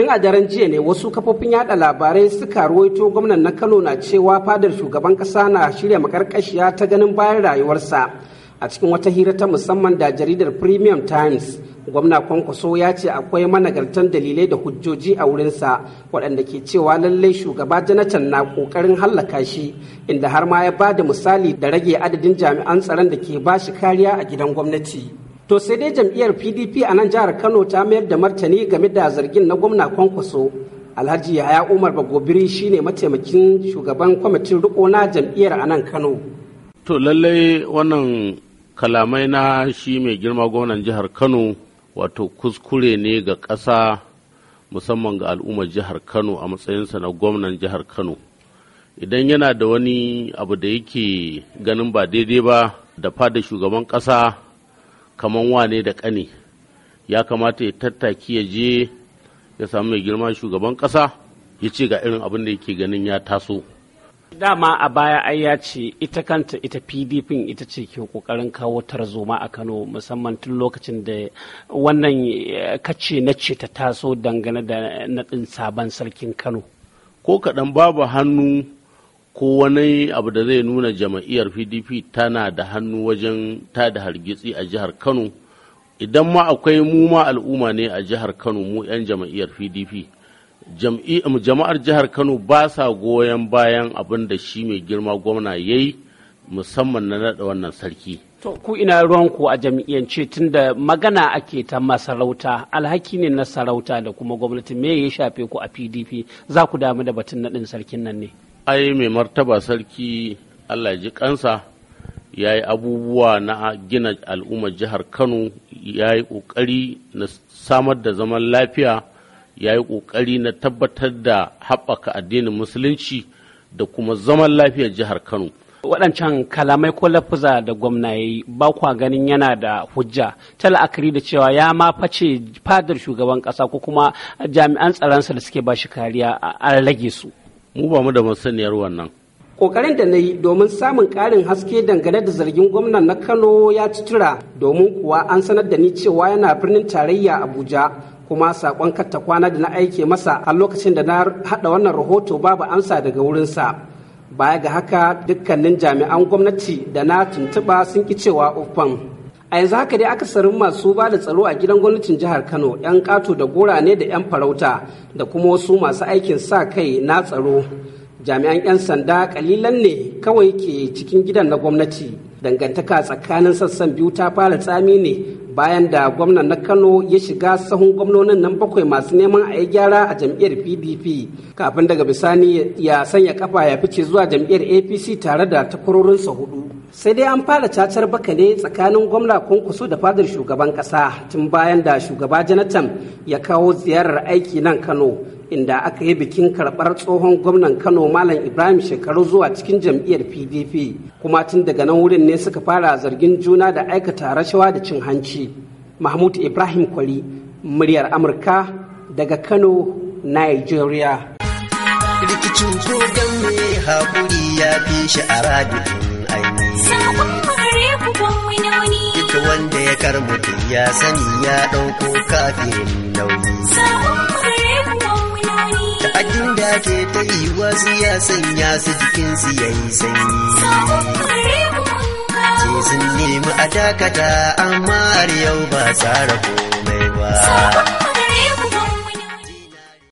tun a daren jiya ne wasu kafofin yada labarai suka ruwaito gwamnan na kano na cewa fadar shugaban kasa na shirya makarkashiya ta ganin bayan rayuwarsa a cikin wata hira ta musamman da jaridar premium times gwamna kwankwaso ya ce akwai managartan dalilai da hujjoji a wurinsa waɗanda ke cewa lallai shugaba janatan na ƙoƙarin hallaka shi inda har ma ya ba da misali da rage adadin jami'an tsaron da ke ba shi kariya a gidan gwamnati To sai dai jam'iyyar PDP a nan jihar Kano ta mayar da martani game da zargin na gwamna kwankwaso. Alhaji Yahaya Umar Bagobiri shine mataimakin shugaban kwamitin riko na jam'iyyar a nan Kano. To lallai wannan kalamai na shi mai girma gwamnan jihar Kano wato kuskure ne ga ƙasa musamman ga al'ummar jihar Kano a matsayinsa na gwamnan jihar Kano. Idan yana da wani abu da yake ganin ba daidai ba da fada shugaban ƙasa kaman wane da ƙane ya kamata ya tattaki ya je ya samu mai girma shugaban ƙasa ya ce ga irin abin da yake ganin ya taso dama a baya ai ya ce ita kanta ita pdp ita ce ke ƙoƙarin kawo tarzoma a kano musamman tun lokacin da wannan eh, kace na ce ta taso dangane da naɗin sabon sarkin kano ko kaɗan babu hannu ko wani abu da zai nuna jama'iyyar pdp tana da hannu wajen ta da hargitsi a jihar kano idan ma akwai mu al'umma ne a jihar kano mu 'yan jama'iyyar pdp jama'ar jihar kano ba sa goyon bayan abin da shi mai girma gwamna ya yi musamman na naɗa wannan sarki to ku ina ruwanku a tun da magana ake ta masarauta alhaki ne na sarauta da kuma gwamnati me ya shafe ku a pdp za ku damu da batun naɗin sarkin nan ne ai mai martaba sarki allah ji kansa ya yi abubuwa na gina al'ummar jihar kano ya yi ƙoƙari na samar da zaman lafiya ya yi ƙoƙari na tabbatar da haɓaka addinin musulunci da kuma zaman lafiyar jihar kano waɗancan kalamai ko lafuza da gwamna ya ba kwa ganin yana da hujja ta la'akari da cewa ya ma face fadar shugaban ƙasa ko kuma jami'an tsaronsa da suke ba shi kariya an rage su mu ba mu da masaniyar wannan kokarin da na yi domin samun karin haske dangane da zargin gwamnan na kano ya ci tura domin kuwa an sanar da ni cewa yana birnin tarayya abuja kuma sakon katta kwana da na aike masa a lokacin da na haɗa wannan rahoto babu amsa daga wurinsa baya ga haka dukkanin jami'an gwamnati da na tuntuɓa sun ki cewa ofan? a yanzu haka dai aka akasarin masu ba da tsaro a gidan gwamnatin jihar kano 'yan kato da gora ne da 'yan farauta da kuma wasu masu aikin sa kai na tsaro jami'an 'yan sanda kalilan ne kawai ke cikin gidan na gwamnati dangantaka tsakanin sassan biyu ta fara tsami ne bayan da gwamnan na kano ya shiga sahun gwamnonin nan bakwai masu neman a yi gyara a jam'iyyar pdp kafin daga bisani ya sanya kafa ya fice zuwa jam'iyyar apc tare da takwarorinsa hudu sai dai an fara cacar baka ne tsakanin gwamna kwankwaso da fadar shugaban kasa tun bayan da shugaba jonathan ya kawo ziyarar aiki nan kano inda aka yi bikin karɓar tsohon gwamnan kano malam ibrahim shekaru zuwa cikin jam'iyyar pdp kuma tun daga nan wurin ne suka fara zargin juna da aikata rashawa da cin hanci mahmud ibrahim kwari muryar amurka daga kano nigeria rikicin ya fi shi a radio kar mutum ya sani ya ɗauko kafirin nauyi. Ta'addin da ke ta yi wasu ya sanya su jikin ya yi sanyi. Ce sun nemi a dakata amma har yau ba tsara komai ba.